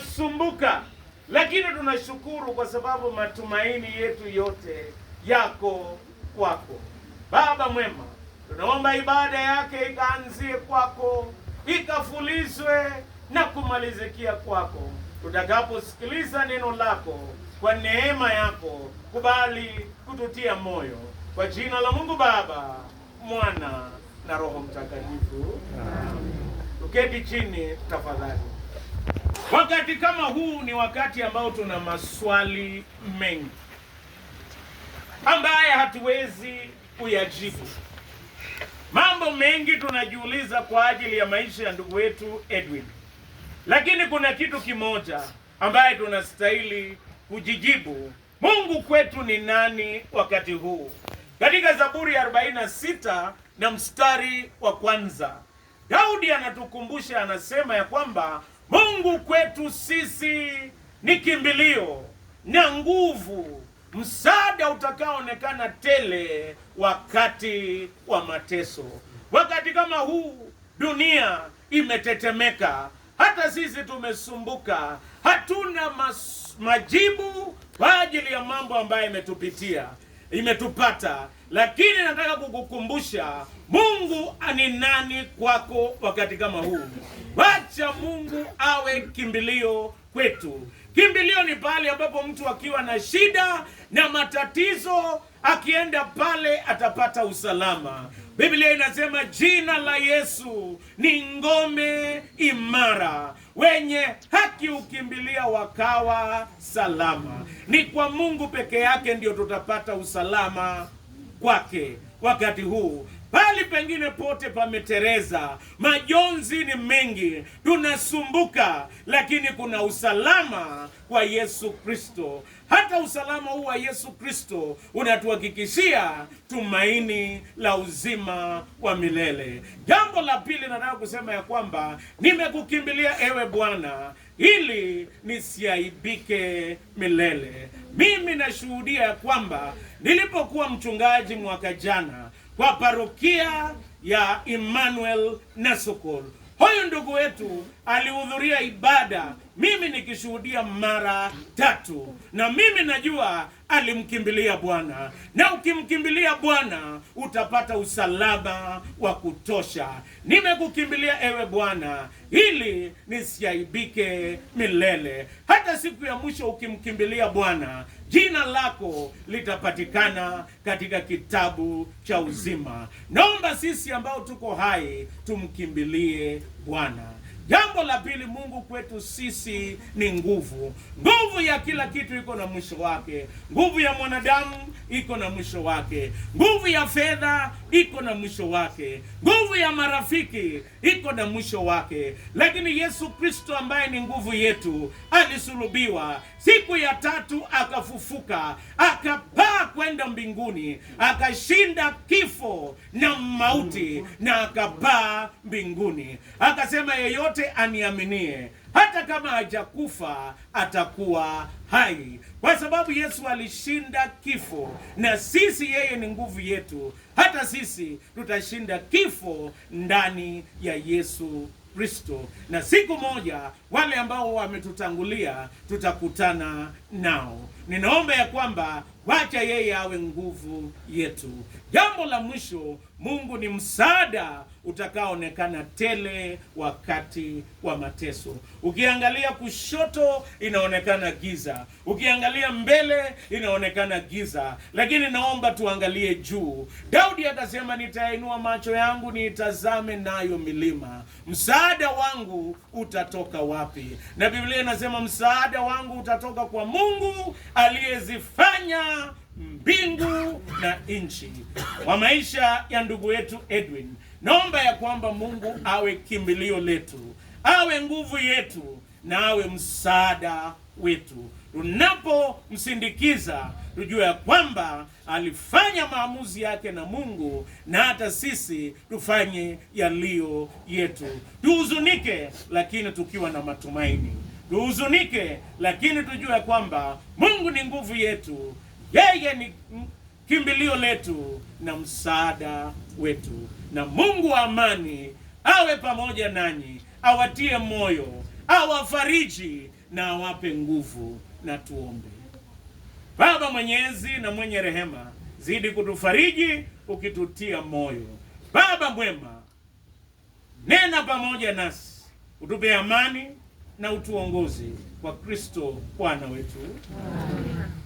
tunasumbuka, lakini tunashukuru kwa sababu matumaini yetu yote yako kwako. Baba mwema, tunaomba ibada yake ikaanzie kwako, ikafulizwe na kumalizikia kwako. Tutakaposikiliza neno lako, kwa neema yako kubali kututia moyo, kwa jina la Mungu Baba, Mwana na Roho Mtakatifu, amen. Uketi chini tafadhali. Wakati kama huu ni wakati ambao tuna maswali mengi ambaye hatuwezi kuyajibu. Mambo mengi tunajiuliza kwa ajili ya maisha ya ndugu wetu Edwin, lakini kuna kitu kimoja ambaye tunastahili kujijibu: Mungu kwetu ni nani wakati huu? Katika Zaburi ya 46 na mstari wa kwanza Daudi anatukumbusha, anasema ya kwamba Mungu kwetu sisi ni kimbilio na nguvu, msaada utakaoonekana tele wakati wa mateso. Wakati kama huu dunia imetetemeka, hata sisi tumesumbuka, hatuna mas, majibu kwa ajili ya mambo ambayo imetupitia imetupata, lakini nataka kukukumbusha Mungu ani nani kwako wakati kama huu. Wacha Mungu awe kimbilio kwetu. Kimbilio ni pale ambapo mtu akiwa na shida na matatizo, akienda pale atapata usalama. Biblia inasema jina la Yesu ni ngome imara, wenye haki ukimbilia wakawa salama. Ni kwa Mungu peke yake ndio tutapata usalama kwake wakati huu bali pengine pote pametereza, majonzi ni mengi, tunasumbuka, lakini kuna usalama kwa Yesu Kristo. Hata usalama huu wa Yesu Kristo unatuhakikishia tumaini la uzima wa milele. Jambo la pili nataka kusema ya kwamba nimekukimbilia ewe Bwana ili nisiaibike milele. Mimi nashuhudia ya kwamba nilipokuwa mchungaji mwaka jana kwa parokia ya Emmanuel Nasokol. Huyu ndugu wetu alihudhuria ibada mimi nikishuhudia mara tatu, na mimi najua alimkimbilia Bwana, na ukimkimbilia Bwana utapata usalama wa kutosha. Nimekukimbilia ewe Bwana ili nisiaibike milele. Hata siku ya mwisho ukimkimbilia Bwana, jina lako litapatikana katika kitabu cha uzima. Naomba sisi ambao tuko hai tumkimbilie Bwana. Jambo la pili, Mungu kwetu sisi ni nguvu. Nguvu ya kila kitu iko na mwisho wake. Nguvu ya mwanadamu iko na mwisho wake. Nguvu ya fedha iko na mwisho wake. Nguvu ya marafiki iko na mwisho wake. Lakini Yesu Kristo ambaye ni nguvu yetu alisulubiwa, siku ya tatu akafufuka, akapa kwenda mbinguni, akashinda kifo na mauti na akapaa mbinguni. Akasema yeyote aniaminie hata kama hajakufa atakuwa hai, kwa sababu Yesu alishinda kifo, na sisi, yeye ni nguvu yetu, hata sisi tutashinda kifo ndani ya Yesu Kristo, na siku moja wale ambao wametutangulia tutakutana nao. Ninaomba ya kwamba Wacha yeye awe nguvu yetu. Jambo la mwisho, Mungu ni msaada utakaoonekana tele wakati wa mateso. Ukiangalia kushoto inaonekana giza, ukiangalia mbele inaonekana giza, lakini naomba tuangalie juu. Daudi akasema, nitainua macho yangu niitazame nayo milima, msaada wangu utatoka wapi? Na Biblia inasema msaada wangu utatoka kwa Mungu aliyezifanya mbingu na nchi. Kwa maisha ya ndugu yetu Edwin, naomba ya kwamba Mungu awe kimbilio letu, awe nguvu yetu na awe msaada wetu. Tunapomsindikiza tujue ya kwamba alifanya maamuzi yake na Mungu, na hata sisi tufanye yaliyo yetu. Tuhuzunike lakini tukiwa na matumaini, tuhuzunike lakini tujue ya kwamba Mungu ni nguvu yetu. Yeye ni kimbilio letu na msaada wetu, na Mungu wa amani awe pamoja nanyi, awatie moyo, awafariji na awape nguvu. Na tuombe. Baba mwenyezi na mwenye rehema, zidi kutufariji ukitutia moyo. Baba mwema, nena pamoja nasi, utupe amani na utuongoze kwa Kristo Bwana wetu Amen.